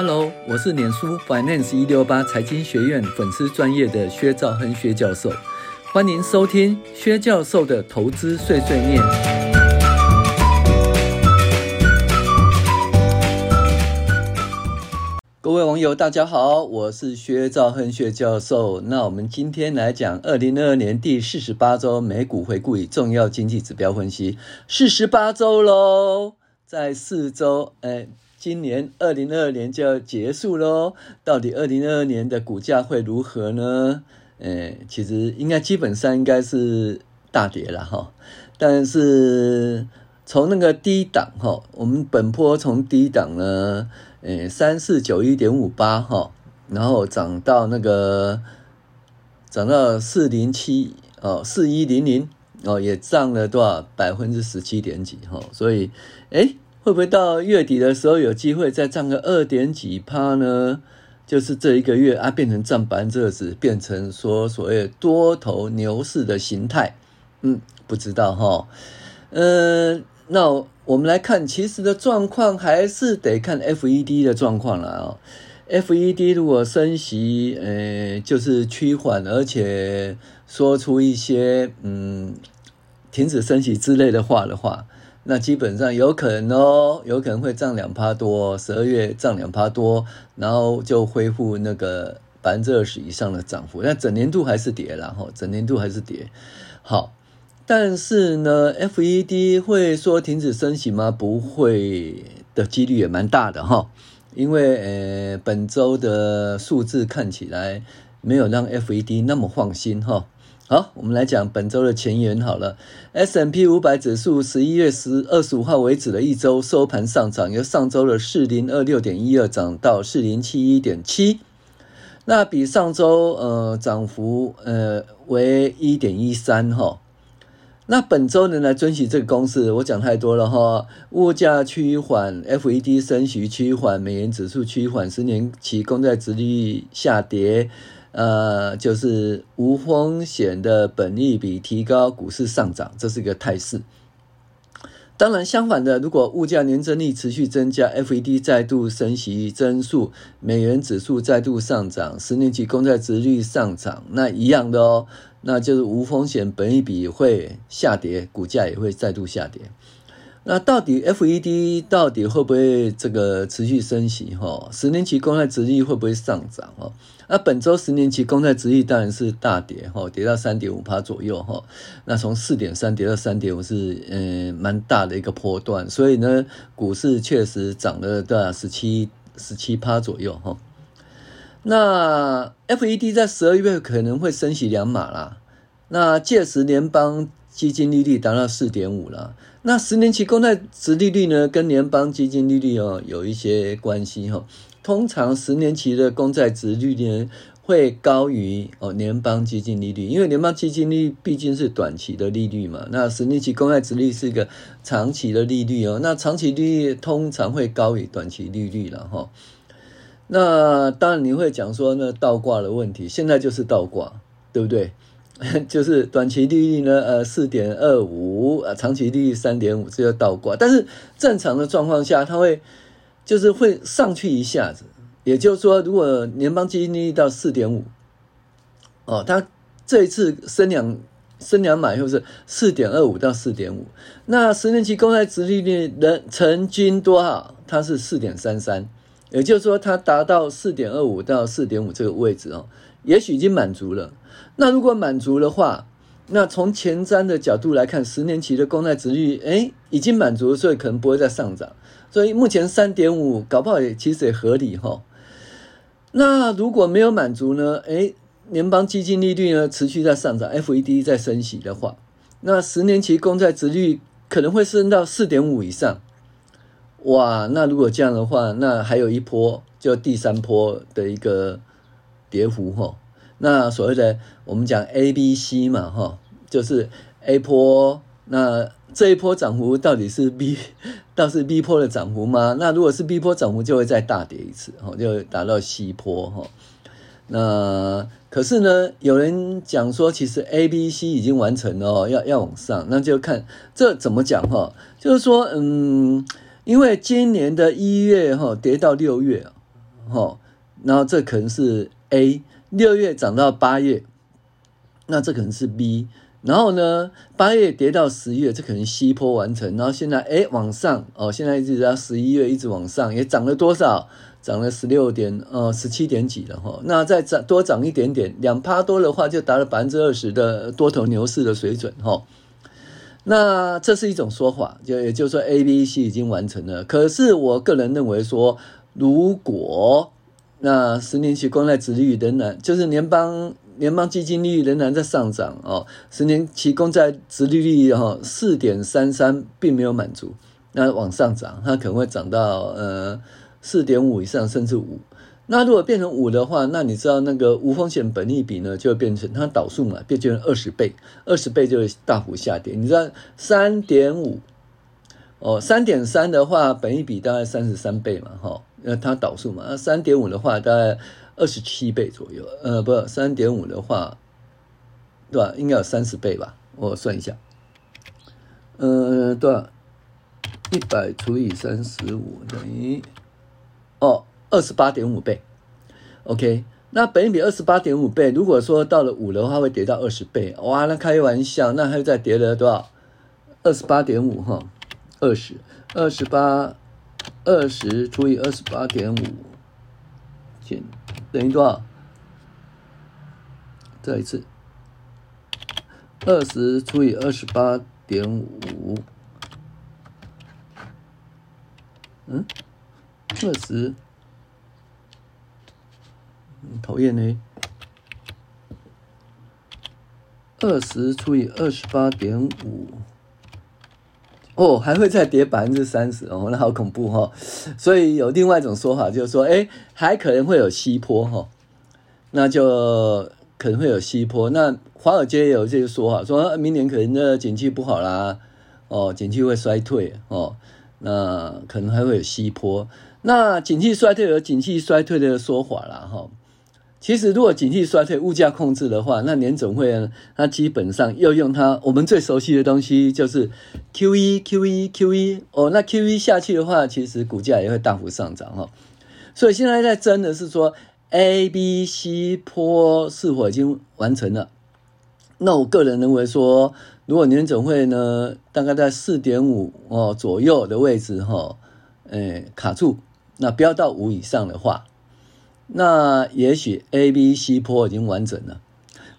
Hello，我是臉書 Finance 一六八財經學院粉絲專業的薛兆亨薛教授，歡迎收聽薛教授的投資碎碎念。各位網友，大家好，我是薛兆亨薛教授。那我們今天來講二零二二年第四十八周美股回顧與重要經濟指標分析。四十八周嘍，在四周哎。誒今年二零二二年就要結束嘍，到底二零二二年的股價會如何呢？哎、欸，其實應該基本上應該是大跌了哈。但是從那個低檔哈，我們本波從低檔呢，哎、欸，三四九一點五八哈，然後漲到那個漲到四零七哦，四一零零哦，也漲了多少？百分之十七點幾哈，所以哎。欸會不會到月底的時候有機會再漲個二點幾趴呢？就是這一個月啊，變成占百分之二十，變成說所謂多頭牛市的形態。嗯，不知道哈。嗯、呃，那我們來看，其實的狀況還是得看 FED 的狀況了哦。FED 如果升息，呃，就是趨緩，而且說出一些嗯停止升息之類的話的話。那基本上有可能哦，有可能會漲兩趴多，十二月漲兩趴多，然後就恢復那個百分之二十以上的漲幅。那整年度還是跌，然後整年度還是跌。好，但是呢，FED 會說停止升息嗎？不會的幾率也蠻大的哈，因為呃本周的數字看起來沒有讓 FED 那麼放心哈。好，我們來講本周的前言好了。S&P 五百指數十一月十二十五號為止的一周收盤上漲，由上周的四零二六點一二漲到四零七一點七，那比上周呃漲幅呃為一點一三哈。那本周能來遵循這個公式，我講太多了哈。物價趨緩，F E D 升息趨緩，美元指數趨緩，十年期公債殖利率下跌。呃，就是無風險的本益比提高，股市上漲，這是一個態勢。當然，相反的，如果物價年增率持續增加，FED 再度升息增速，美元指數再度上漲，十年期公債殖率上漲，那一樣的哦，那就是無風險本益比會下跌，股價也會再度下跌。那到底 F E D 到底會不會這個持續升息？哈，十年期公債殖利率會不會上漲？那本周十年期公債殖利率當然是大跌，哈，跌到三點五趴左右，哈。那從四點三跌到三點五是嗯蠻大的一個波段，所以呢，股市確實漲了大概十七十七趴左右，哈。那 F E D 在十二月可能會升息兩碼了，那屆時聯邦基金利率達到四點五了。啦那十年期公債殖利率呢，跟聯邦基金利率哦、喔、有一些關係哈、喔。通常十年期的公債殖利率呢，會高於哦聯邦基金利率，因為聯邦基金利率畢竟是短期的利率嘛。那十年期公債殖利率是一個長期的利率哦、喔，那長期利率通常會高於短期利率了哈、喔。那當然你會講說呢，倒掛的問題，現在就是倒掛，對不對？ 就是短期利率呢，呃，四點二五，呃，長期利率三點五，這就倒掛。但是正常的狀況下，它會就是會上去一下子。也就是說，如果聯邦基金利率到四點五，哦，它這一次升兩升兩碼，以後是四點二五到四點五？那十年期公債殖利率的平均多少？它是四點三三。也就是說，它達到四點二五到四點五這個位置哦，也許已經滿足了。那如果滿足的話，那從前瞻的角度來看，十年期的公債殖利率，哎，已經滿足了，所以可能不會再上漲。所以目前三點五，搞不好也其實也合理哈、哦。那如果沒有滿足呢？哎，聯邦基金利率呢持續在上漲，FED 在升息的話，那十年期公債殖利率可能會升到四點五以上。哇，那如果這樣的話，那還有一波就第三波的一個跌幅哈、哦。那所謂的我們講 A、B、C 嘛，哈，就是 A 波，那這一波漲幅到底是 B，倒是 B 波的漲幅嗎？那如果是 B 波漲幅，就會再大跌一次，哈，就會達到 C 波，哈。那可是呢，有人講說，其實 A、B、C 已經完成了，要要往上，那就看這怎麼講，哈，就是說，嗯，因為今年的一月，哈，跌到六月，哈，然後這可能是 A。六月漲到八月，那這可能是 B，然後呢，八月跌到十月，這可能 C 波完成，然後現在哎往上哦，現在一直到十一月一直往上，也漲了多少？漲了十六點呃十七點幾了，哦，那再漲多漲一點點，兩趴多的話就達了百分之二十的多頭牛市的水準，哦，那這是一種說法，就也就是說 A、B、C 已經完成了。可是我個人認為說，如果那十年期公債殖利率仍然就是聯邦聯邦基金利率仍然在上漲哦，十年期公債殖利率哈四點三三並沒有滿足，那往上漲，它可能會漲到呃四點五以上甚至五。那如果變成五的話，那你知道那個無風險本益比呢就會變成它倒數嘛，變成二十倍，二十倍就會大幅下跌。你知道三點五哦，三點三的話本益比大概三十三倍嘛哈。哦呃，它倒數嘛，那三點五的話大概二十七倍左右，呃，不，三點五的話，對吧、啊？應該有三十倍吧？我算一下，呃，多少、啊？一百除以三十五等於哦，二十八點五倍。OK，那本比二十八點五倍，如果說到了五的話，會跌到二十倍，哇，那開玩笑，那還在再跌了多少？二十八點五哈，二十二十八。二十除以二十八點五，減等於多少？再一次，二十除以二十八點五，5, 嗯，二十，討厭呢，二十除以二十八點五。哦，還會再跌百分之三十哦，那好恐怖哦！所以有另外一種說法，就是說，哎、欸，還可能會有西坡哈、哦，那就可能會有西坡。那華爾街也有這些說法，說明年可能的景氣不好啦，哦，景氣會衰退哦，那可能還會有西坡。那景氣衰退有景氣衰退的說法啦，哈、哦。其實，如果景氣衰退、物價控制的話，那聯準會呢，它基本上又用它我們最熟悉的東西，就是 QE、QE、QE 哦。那 QE 下去的話，其實股價也會大幅上漲哦。所以現在在爭的是說 A、B、C 波是否已經完成了？那我個人認為說，如果聯準會呢大概在四點五哦左右的位置哈、哦，呃卡住，那不要到五以上的話。那也許 A、B、C 波已經完整了。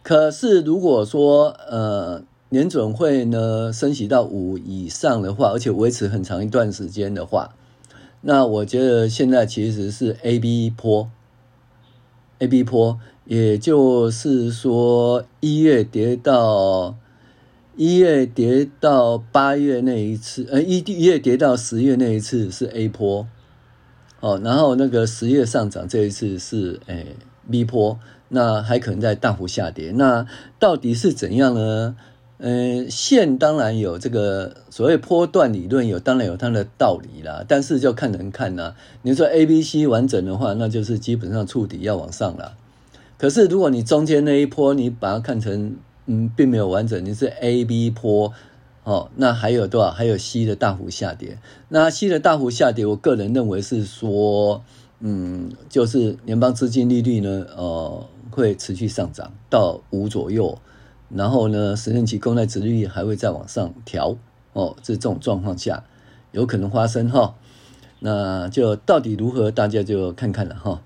可是如果說呃聯準會呢升息到五以上的話，而且維持很長一段時間的話，那我覺得現在其實是 A、B 波，A、B 波，也就是說一月跌到一月跌到八月那一次，呃一月跌到十月那一次是 A 波。哦，然後那個十月上漲這一次是誒 B 波，那還可能在大幅下跌。那到底是怎樣呢？嗯、呃，線當然有這個所謂波段理論有，有當然有它的道理啦。但是就看人看啦。你說 A B C 完整的話，那就是基本上觸底要往上了。可是如果你中間那一波，你把它看成嗯並沒有完整，你是 A B 波。哦，那還有多少？還有息的大幅下跌。那息的大幅下跌，我個人認為是說，嗯，就是聯邦資金利率呢，呃，會持續上漲到五左右，然後呢，十年期公債殖利率還會再往上調。哦，這種狀況下，有可能發生哈、哦。那就到底如何，大家就看看了哈。哦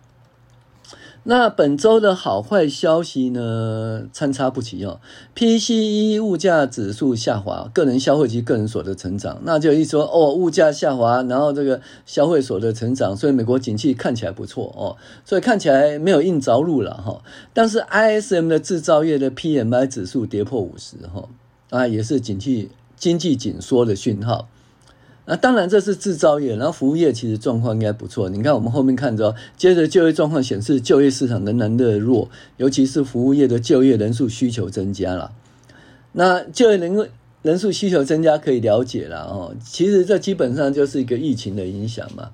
那本週的好壞消息呢，參差不齊哦、喔。PCE 物價指數下滑，個人消費及個人所得成長，那就一說哦，物價下滑，然後這個消費所得成長，所以美國景氣看起來不錯哦、喔，所以看起來沒有硬着陸了哈。但是 ISM 的製造業的 PMI 指數跌破五十哈，啊，也是景氣經濟緊縮的訊號。那、啊、當然，這是製造業，然後服務業其實狀況應該不錯。你看，我們後面看着，接着就業狀況顯示，就業市場仍然熱絡，尤其是服務業的就業人數需求增加了。那就業人人數需求增加，可以了解了哦。其實這基本上就是一個疫情的影響嘛。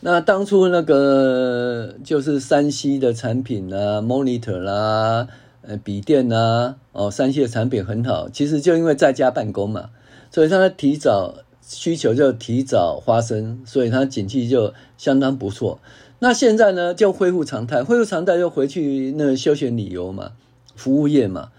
那當初那個就是三 C 的產品啊，Monitor 啦、啊，呃，筆電吶、啊，哦，三 C 的產品很好，其實就因為在家辦公嘛，所以它提早。需求就提早發生，所以它景氣就相當不錯。那現在呢，就恢復常態，恢復常態就回去那休閒旅遊嘛，服務業嘛。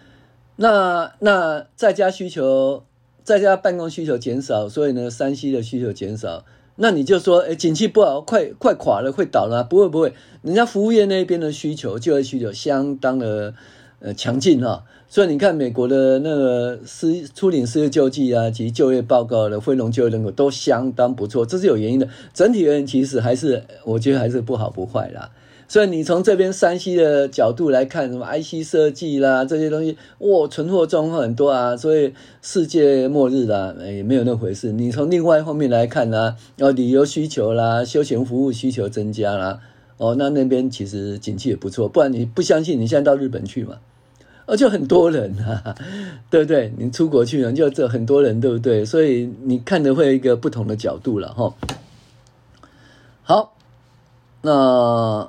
那那在家需求，在家辦公需求減少，所以呢 3C 的需求減少。那你就說，哎、欸，景氣不好，快快垮了，會倒了？不會不會，人家服務業那邊的需求，就業需求相當的，呃，強勁哈，所以你看美國的那個失初領失業救濟啊及就業報告的非農就業人口都相當不錯，這是有原因的。整體原因其實還是我覺得還是不好不壞啦。所以你從這邊山西的角度來看，什麼 IC 設計啦這些東西，哇，存貨中很多啊。所以世界末日啦，啊欸，也沒有那回事。你從另外一方面來看啦，啊，要，呃，旅遊需求啦，休閒服務需求增加啦，哦，那那邊其實景氣也不錯。不然你不相信，你現在到日本去嘛？而且很多人啊，嗯、 對不對？你出國去就這很多人，對不對？所以你看的會有一個不同的角度了，吼。好，那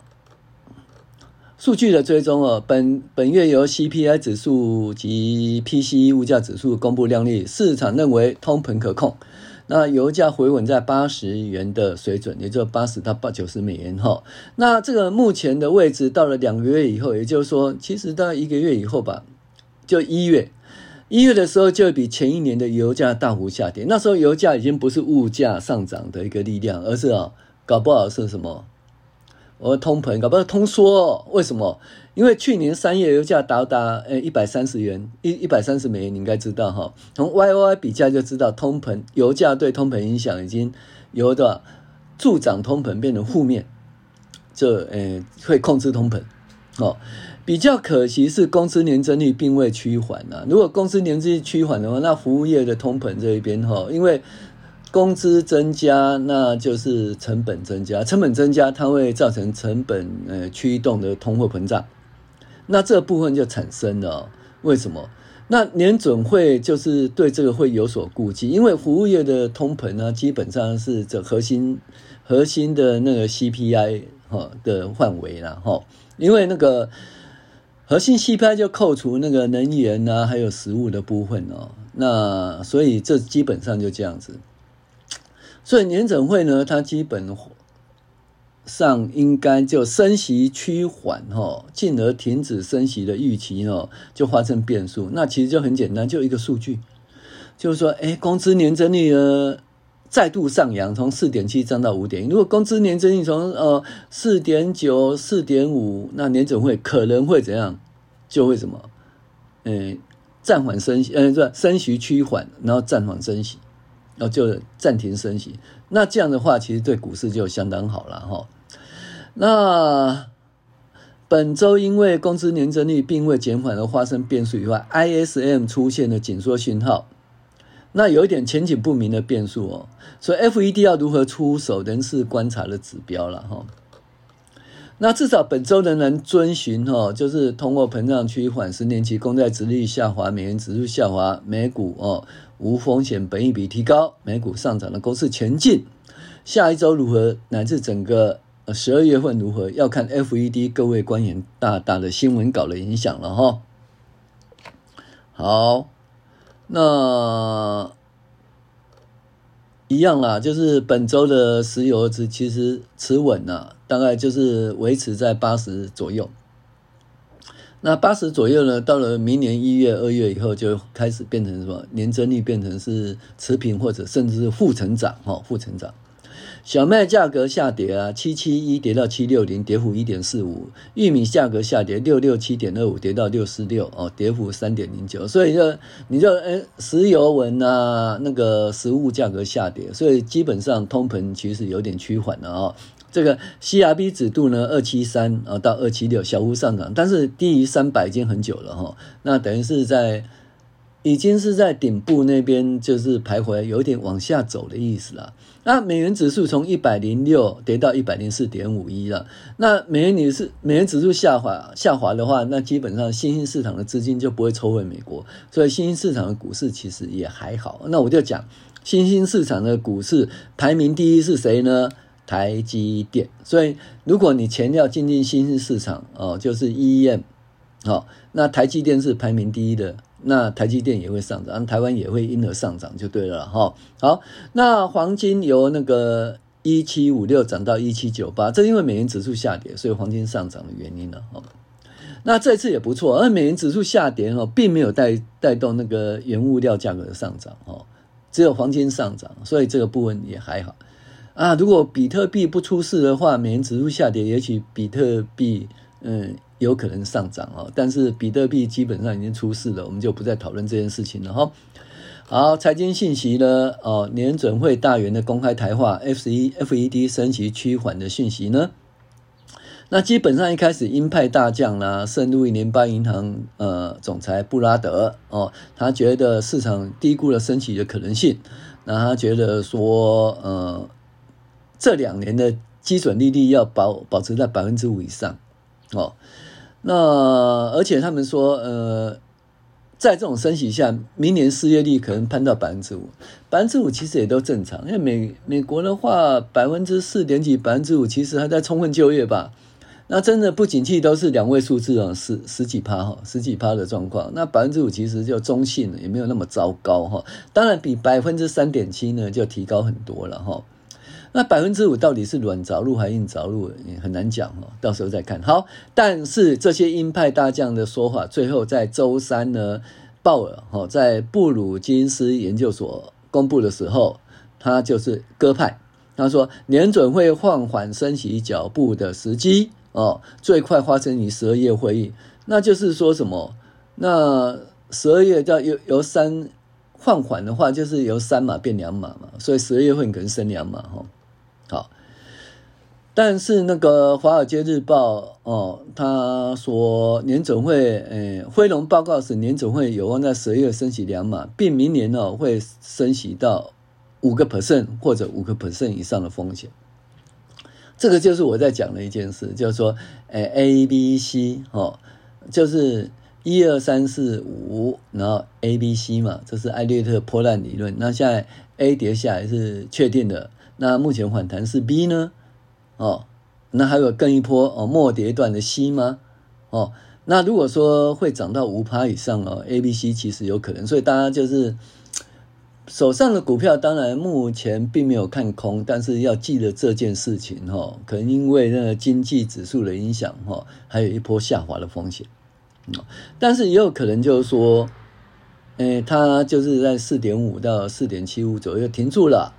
數據的追蹤啊、哦，本本月由 CPI 指數及 PCE 物價指數公布亮麗，市場認為通膨可控。那油價回穩在八十元的水準，也就八十到八九十美元哈。那這個目前的位置到了兩個月以後，也就是說，其實到一個月以後吧，就一月，一月的時候就會比前一年的油價大幅下跌。那時候油價已經不是物價上漲的一個力量，而是啊、哦，搞不好是什麼，我通膨，搞不好通縮、哦，為什麼？因為去年三月油價達到呃一百三十元一一百三十美元，元你應該知道哈。從 Y O Y 比價就知道，通膨油價對通膨影響已經由的助長通膨變成負面，這呃會控制通膨。哦，比較可惜是工資年增率並未趨緩吶，啊。如果工資年增率趨緩的話，那服務業的通膨這一邊哈，因為工資增加，那就是成本增加，成本增加它會造成成本呃驅動的通貨膨脹。那這部分就產生了，為什麼？那聯準會，就是對這個會有所顧忌，因為服務業的通膨呢，基本上是這核心核心的那個 CPI 的範圍啦，哈，因為那個核心 CPI 就扣除那個能源吶、啊，還有食物的部分哦、喔，那所以這基本上就這樣子，所以聯準會呢，它基本上應該就升息趨緩哈，進而停止升息的預期哦、喔，就發生變數。那其實就很簡單，就一個數據，就是說，哎、欸，工資年增率呢，再度上揚，從四點七漲到五點。如果工資年增率從呃四點九、四點五，那年總會可能會怎樣？就會什麼？哎、欸，暫緩升息，呃、欸，不是升息趨緩，然後暫緩升息，然後就暫停升息。那這樣的話，其實對股市就相當好了哈、喔。那本周因為工資年增率並未減緩而發生變數以外，ISM 出現了緊縮訊號，那有一點前景不明的變數哦，所以 FED 要如何出手仍是觀察的指標了哈。那至少本周仍然遵循哈、哦，就是通貨膨脹趨緩、十年期公債殖利率下滑、美元指數下滑、美股哦無風險本益比提高、美股上漲的公式前進。下一周如何乃至整個？十二月份如何，要看 FED 各位官員大大的新聞稿的影響了哈。好，那一樣啦，就是本周的石油值其實持穩啊，大概就是維持在八十左右。那八十左右呢，到了明年一月、二月以後就開始變成什麼？年增率變成是持平或者甚至是負成長哈，負成長。小麥價格下跌啊，七七一跌到七六零，跌幅一點四五。玉米價格下跌六六七點二五，跌到六四六，哦，跌幅三點零九。所以就你就哎，石油文啊，那個食物價格下跌，所以基本上通膨其實有點趨緩了啊、哦。這個 CRB 指數呢，二七三啊到二七六小幅上漲，但是低於三百已經很久了哈、哦。那等於是在。已經是在頂部那邊，就是徘徊，有點往下走的意思了。那美元指數從一百零六跌到一百零四點五一了。那美元你是美元指數下滑下滑的話，那基本上新興市場的資金就不會抽回美國，所以新興市場的股市其實也還好。那我就講新興市場的股市排名第一是誰呢？台積電。所以如果你錢要進進新興市場哦，就是 EM，好、哦，那台積電是排名第一的。那台積電也會上漲，台灣也會因而上漲就對了哈。好，那黃金由那個一七五六漲到一七九八，這是因為美元指數下跌，所以黃金上漲的原因了、啊、哈。那這次也不錯，而美元指數下跌哈，並沒有帶帶動那個原物料價格的上漲哈，只有黃金上漲，所以這個部分也還好啊。如果比特幣不出事的話，美元指數下跌，也許比特幣嗯。有可能上漲哦，但是比特幣基本上已經出事了，我們就不再討論這件事情了哈。好，財經訊息呢？哦，聯準會大員的公開談話，FED 升息趨緩的訊息呢？那基本上一開始鷹派大將啦、啊，聖路易聯邦銀行呃總裁布拉德哦、呃，他覺得市場低估了升息的可能性，那他覺得說呃，這兩年的基準利率要保保持在百分之五以上哦。呃那而且他們說，呃，在這種升息下，明年失業率可能攀到百分之五，百分之五其實也都正常。因為美美國的話，百分之四點幾，百分之五其實還在充分就業吧。那真的不景氣都是兩位數字啊，十十幾趴哈，十幾趴的狀況。那百分之五其實就中性了，也沒有那麼糟糕哈。當然比百分之三點七呢就提高很多了哈。那百分之五到底是軟着陸還硬着陸，也很難講，到時候再看。好，但是這些鷹派大將的說法，最後在周三呢，鮑爾在布魯金斯研究所公布的時候，他就是鴿派，他說年準會放緩升息腳步的時機哦，最快發生於十二月會議。那就是說什麼？那十二月要由由三放緩的話，就是由三碼變兩碼嘛，所以十二月份可能升兩碼。好，但是那個《華爾街日報》哦，他說聯準會，嗯、哎，輝隆報告是聯準會有望在十月升息兩碼，並明年呢會升息到五個 percent 或者五個 percent 以上的風險。這個就是我在講的一件事，就是說，哎，A、B、C，哦，就是一二三四五，然後 A、B、C 嘛，這是艾略特波浪理論。那現在 A 跌下來是確定的。那目前反彈是 B 呢？哦，那還有更一波哦，末跌段的 C 嗎？哦，那如果說會漲到五趴以上哦，A、B、C 其實有可能，所以大家就是手上的股票，當然目前並沒有看空，但是要記得這件事情哈、哦，可能因為那個經濟指數的影響哈、哦，還有一波下滑的風險、嗯。但是也有可能就是說，哎、欸，它就是在四點五到四點七五左右停住了、啊。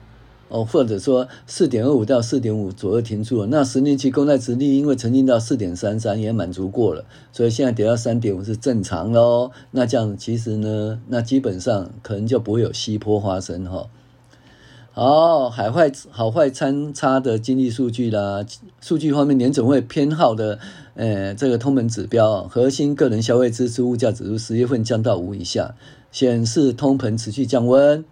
哦，或者說四點二五到四點五左右停住了，那十年期公債殖利率因為曾經到四點三三也滿足過了，所以現在跌到三點五是正常嘍。那這樣其實呢，那基本上可能就不會有息坡發生哈。哦，好海壞好壞參差的經濟數據啦，數據方面，聯準會偏好的呃這個通膨指標，核心個人消費支出物價指數十月份降到五以下，顯示通膨持續降溫。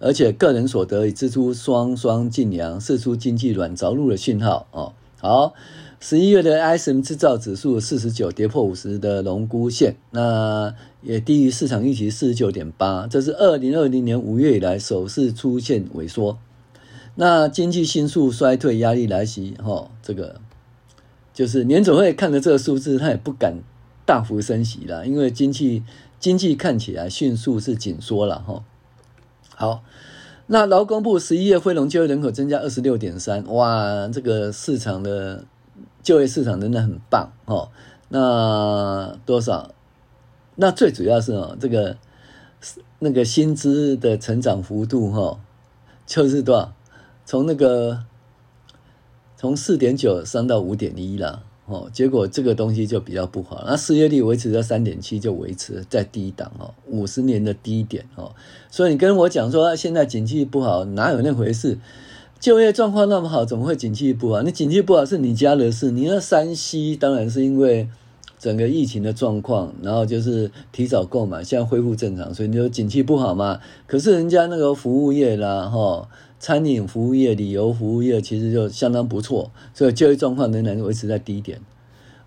而且個人所得已支出雙雙盡量釋出經濟軟着陸的信號哦。好，十一月的 ISM 製造指數四十九，跌破五十的榮枯線，那也低於市場預期四十九點八，這是二零二零年五月以來首次出現萎縮。那經濟迅速衰退壓力來襲，哈、哦，這個就是年總會看着這個數字，它也不敢大幅升息了，因為經濟經濟看起來迅速是緊縮了，哈、哦。好，那勞工部十一月非農就業人口增加二十六點三，哇，這個市場的就業市場真的很棒哦。那多少？那最主要是哦，這個那個薪資的成長幅度哈、哦，就是多少？從那個從四點九升到五點一了。哦，結果這個東西就比較不好，那失業率維持在三點七，就維持在低檔哦，五十年的低點哦，所以你跟我講說現在景氣不好，哪有那回事？就業狀況那麼好，怎麼會景氣不好？你景氣不好是你家的事，你那 3C 當然是因為。整個疫情的狀況，然後就是提早購買，現在恢復正常，所以你說景氣不好嘛？可是人家那個服務業啦，哈、哦，餐飲服務業、旅遊服務業其實就相當不錯，所以就業狀況仍然維持在低點，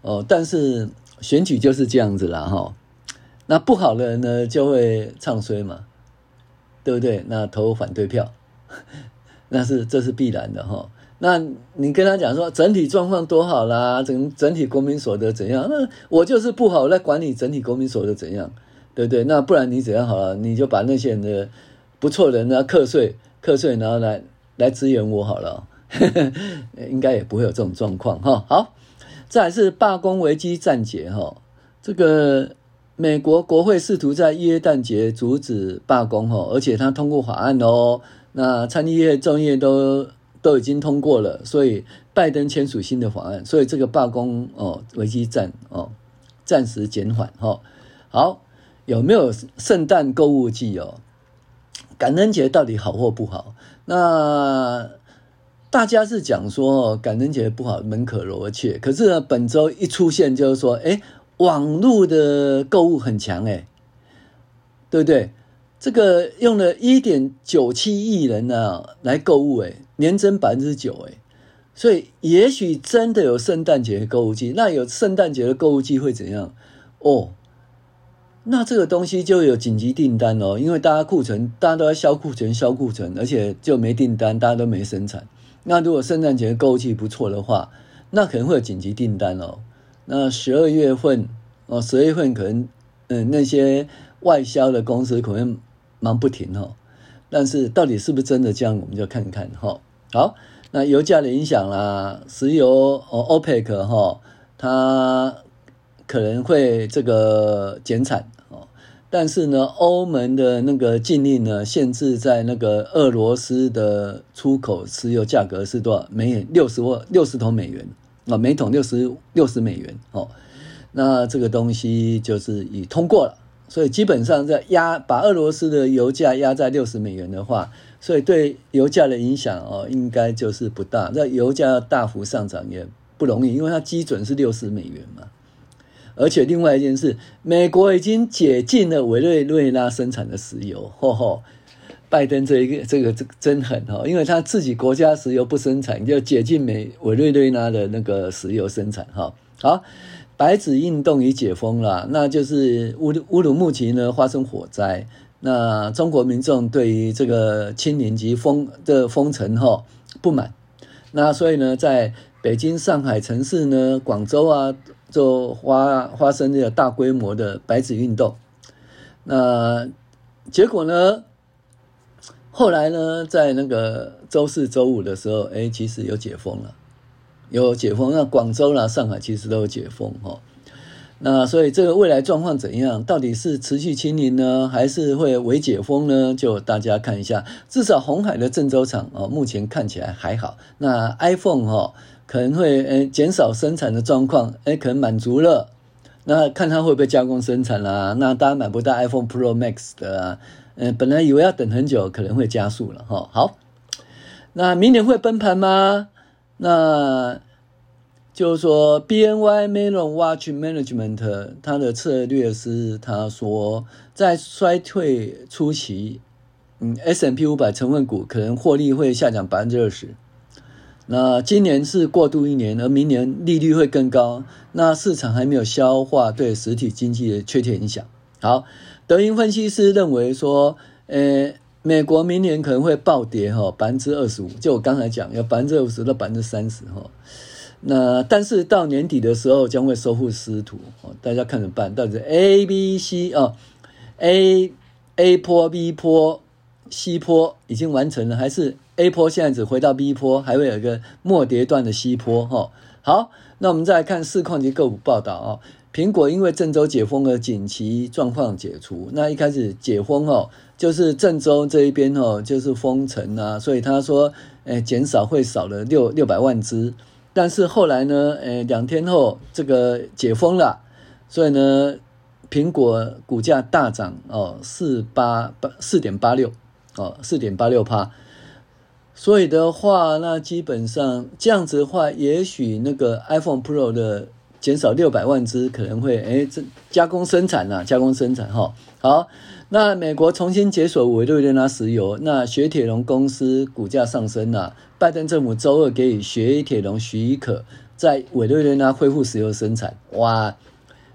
哦。但是選舉就是這樣子啦，哈、哦，那不好的人呢就會唱衰嘛，對不對？那投反對票， 那是這是必然的，哈、哦。那你跟他講說整體狀況多好啦，整整體國民所得怎樣？那我就是不好，那管你整體國民所得怎樣，對不對？那不然你怎樣好了？你就把那些人的不錯的人呢，課稅課稅，然後來來支援我好了、哦， 應該也不會有這種狀況哈、哦。好，再來是罷工危機暫解哈。這個美國國會試圖在耶誕節阻止罷工哈、哦，而且他通過法案哦。那參議院、眾議院都。都已經通過了，所以拜登簽署新的法案，所以這個罷工哦危機戰哦暫時減緩哦，好，有沒有聖誕購物季哦？感恩節到底好或不好？那大家是講說感恩節不好，門可羅雀。可是呢，本周一出現就是說，哎，網絡的購物很強，哎，對不對？這個用了一點九七億人呢、啊、來購物、欸，年增百分之九，所以也許真的有聖誕節的購物季。那有聖誕節的購物季會怎樣？哦，那這個東西就有緊急訂單哦，因為大家庫存，大家都在銷庫存，銷庫存，而且就沒訂單，大家都沒生產。那如果聖誕節購物季不錯的話，那可能會有緊急訂單哦。那十二月份，哦，十月份可能，嗯，那些外銷的公司可能。忙不停哦，但是到底是不是真的這樣，我們就看看哈。好，那油價的影響啦，石油哦，OPEC 哈，它可能會這個減產哦。但是呢，歐盟的那個禁令呢，限制在那個俄羅斯的出口石油價格是多少？每桶 60, 60美元，六十萬，六十桶 60, 60美元啊，每桶六十六十美元哦。那這個東西就是已通過了。所以基本上在壓把俄羅斯的油價壓在六十美元的話，所以對油價的影響哦、喔，應該就是不大。那油價要大幅上漲也不容易，因為它基準是六十美元嘛。而且另外一件事，美國已經解禁了委內瑞拉生產的石油。呵呵，拜登這一個這個這真狠哈，因為他自己國家石油不生產，就解禁美委內瑞拉的那個石油生產哈好。白紙運動已解封了、啊，那就是烏烏魯木齊呢發生火災，那中國民眾對於這個清零級封的、這個、封城後、哦、不滿，那所以呢，在北京、上海城市呢、廣州啊，就發發生了大規模的白紙運動，那結果呢，後來呢，在那個周四、周五的時候，哎、欸，其實又解封了。有解封,那廣州啦、上海其實都有解封哈、哦，那所以這個未來狀況怎樣？到底是持續清零呢，還是會微解封呢？就大家看一下，至少鴻海的鄭州廠哦，目前看起來還好。那 iPhone 哈、哦、可能會減、欸、少生產的狀況、欸，可能滿足了。那看它會不會加工生產啦、啊？那大家買不到 iPhone Pro Max 的、啊，啦、呃。本來以為要等很久，可能會加速了哈、哦。好，那明年會崩盤嗎？那就是說，BNY Mellon Watch Management 他的策略是，他說在衰退初期，嗯，S&P 500成分股可能獲利會下降百分之二十。那今年是過渡一年，而明年利率會更高，那市場還沒有消化對實體經濟的缺點影響。好，德銀分析師認為說，呃。美國明年可能會暴跌哈、哦，百分之二十五，就我剛才講，有百分之五十到百分之三十哈。那但是到年底的時候將會收復失土、哦、大家看着辦到底是 A, B, C,、哦 A, A、B、C 啊，A、A 波、B 波、C 波已經完成了，還是 A 波現在只回到 B 波，還會有一個末跌段的 C 波哈、哦。好，那我們再來看市況及個股報道啊、哦。蘋果因為鄭州解封了緊急狀況解除，那一開始解封哦，就是鄭州這一邊哦，就是封城啊，所以他說，欸，減少會少了六六百萬隻，但是後來呢，欸，兩天後這個解封了，所以呢，蘋果股價大漲哦，四八八四點八六哦，四點八六趴，所以的話，那基本上這樣子的話，也許那個 iPhone Pro 的。減少六百萬隻可能會哎，這加工生產吶，加工生產哈、啊。好，那美國重新解鎖委內瑞拉石油，那雪鐵龍公司股價上升了、啊。拜登政府周二給予雪鐵龍許可，在委內瑞拉恢復石油生產哇。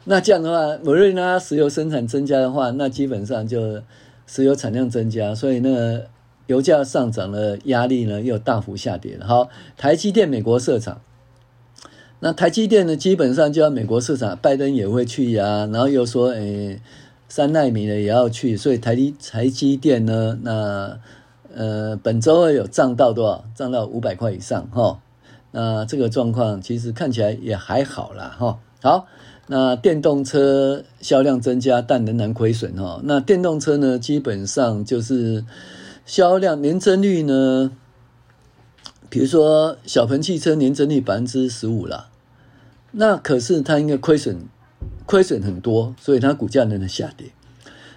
那這樣的話，委內瑞拉石油生產增加的話，那基本上就石油產量增加，所以那個呢，油價上漲的壓力呢又大幅下跌了哈。台積電美國設廠。那台積電呢？基本上就要美國市場，拜登也會去呀、啊。然後又說，誒三納米的也要去，所以台積台積電呢，那呃本周二有漲到多少？漲到五百塊以上哈。那這個狀況其實看起來也還好啦。哈。好，那電動車銷量增加，但仍然虧損哈。那電動車呢，基本上就是銷量年增率呢？比如說小鵬汽車年增率百分之十五了，那可是它應該虧損，虧損很多，所以它股價呢在下跌。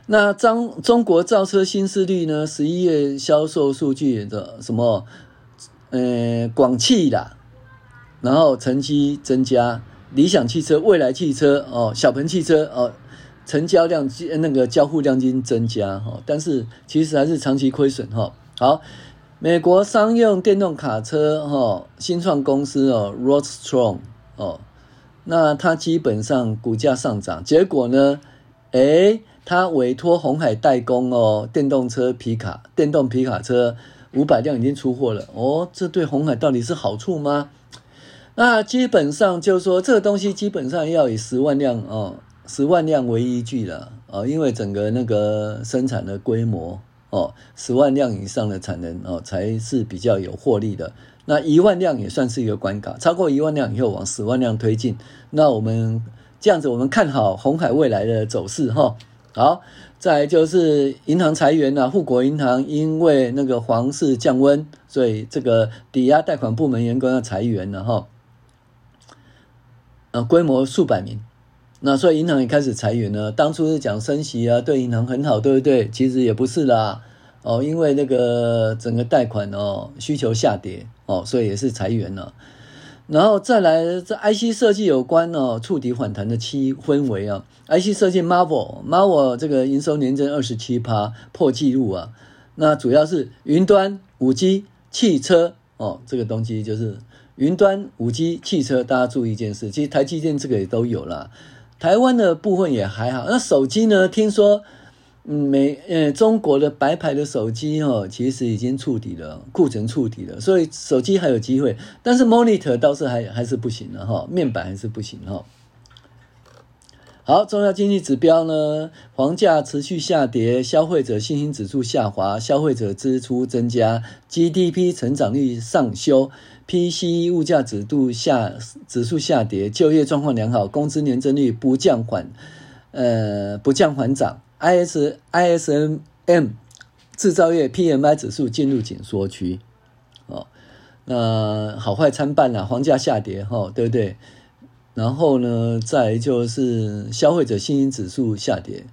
那張中國造車新勢力呢，十一月銷售數據的什麼，呃，廣汽啦，然後成績增加，理想汽車、蔚來汽車哦，小鵬汽車哦，成交量、那個交付量金增加哦，但是其實還是長期虧損哦。好。美國商用電動卡車，哦、新創公司哦，Roadstrong 哦，那它基本上股價上漲，結果呢，哎、欸，它委託鴻海代工哦，電動車皮卡，電動皮卡車五百輛已經出貨了，哦，這對鴻海到底是好處嗎？那基本上就是說這個東西基本上要以十萬輛哦，十萬輛為依據了，哦，因為整個那個生產的規模。哦，十萬輛以上的產能哦，才是比較有獲利的。那一萬輛也算是一個關卡，超過一萬輛以後往十萬輛推進。那我們這樣子，我們看好鴻海未來的走勢哈、哦。好，再來就是銀行裁員了，富、啊、國銀行因為那個房市降溫，所以這個抵押貸款部門員工要裁員了哈。呃、啊啊，規模數百名。那所以銀行也開始裁員了。當初是講升息啊，對銀行很好，對不對？其實也不是啦，哦，因為那個整個貸款哦需求下跌哦，所以也是裁員了、啊。然後再來這 IC 設計有關呢、哦，觸底反彈的氣氛圍啊。IC 設計 Marvel Marvel 這個營收年增二十七趴，破紀錄啊。那主要是雲端、五 G、汽車哦，這個東西就是雲端、五 G、汽車。大家注意一件事，其實台積電這個也都有啦。台灣的部分也還好，那手機呢？聽說美呃、嗯、中國的白牌的手機哦，其實已經觸底了，庫存觸底了，所以手機還有機會，但是 monitor 倒是還還是不行了哈，面板還是不行了哈。好，重要經濟指標呢，房價持續下跌，消費者信心指數下滑，消費者支出增加，GDP 成長率上修，PCE 物價指數下指數下跌，就業狀況良好，工資年增率不降反呃不降反漲，IS ISM M 製造業 PMI 指數進入緊縮區哦，那好壞參半啦，房價下跌吼，哦，對不對？然後呢，再就是消費者信心指數下跌，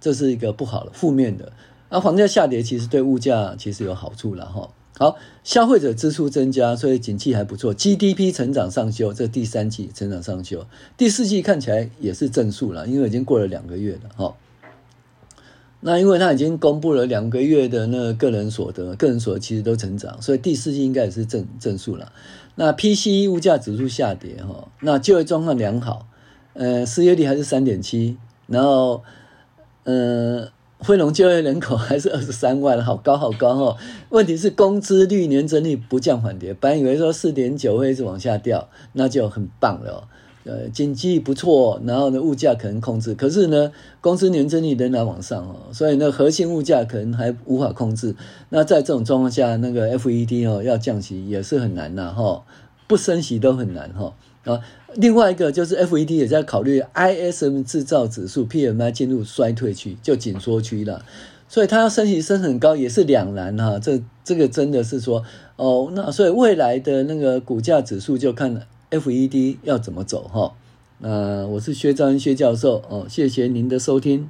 這是一個不好的、負面的。那、啊、房價下跌其實對物價其實有好處了哈。好，消費者支出增加，所以景氣還不錯。GDP 成長上修，這第三季成長上修，第四季看起來也是正數了，因為已經過了兩個月了哈。那因為它已經公布了兩個月的那個個人所得，個人所得其實都成長，所以第四季應該也是正正數了。那 PCE 物價指數下跌，那就業狀況良好，呃，失業率還是三點七，然後呃，非農就業人口還是二十三萬，好高好高哦。問題是工資率年增率不降反跌，本以為說四點九會一直往下掉，那就很棒了。呃，經濟不錯，然後呢，物價可能控制，可是呢，工資年增率仍然往上哦，所以呢，核心物價可能還無法控制。那在這種狀況下，那個 F E D 哦要降息也是很難啦、啊。不升息都很難啊。另外一個就是 F E D 也在考慮 I S M 製造指數 P M I 進入衰退區就緊縮區了，所以它要升息升很高也是兩難哈、啊。這這個真的是說哦，那所以未來的那個股價指數就看了。FED 要怎麼走哈？呃，我是薛章、薛教授哦，謝謝您的收聽。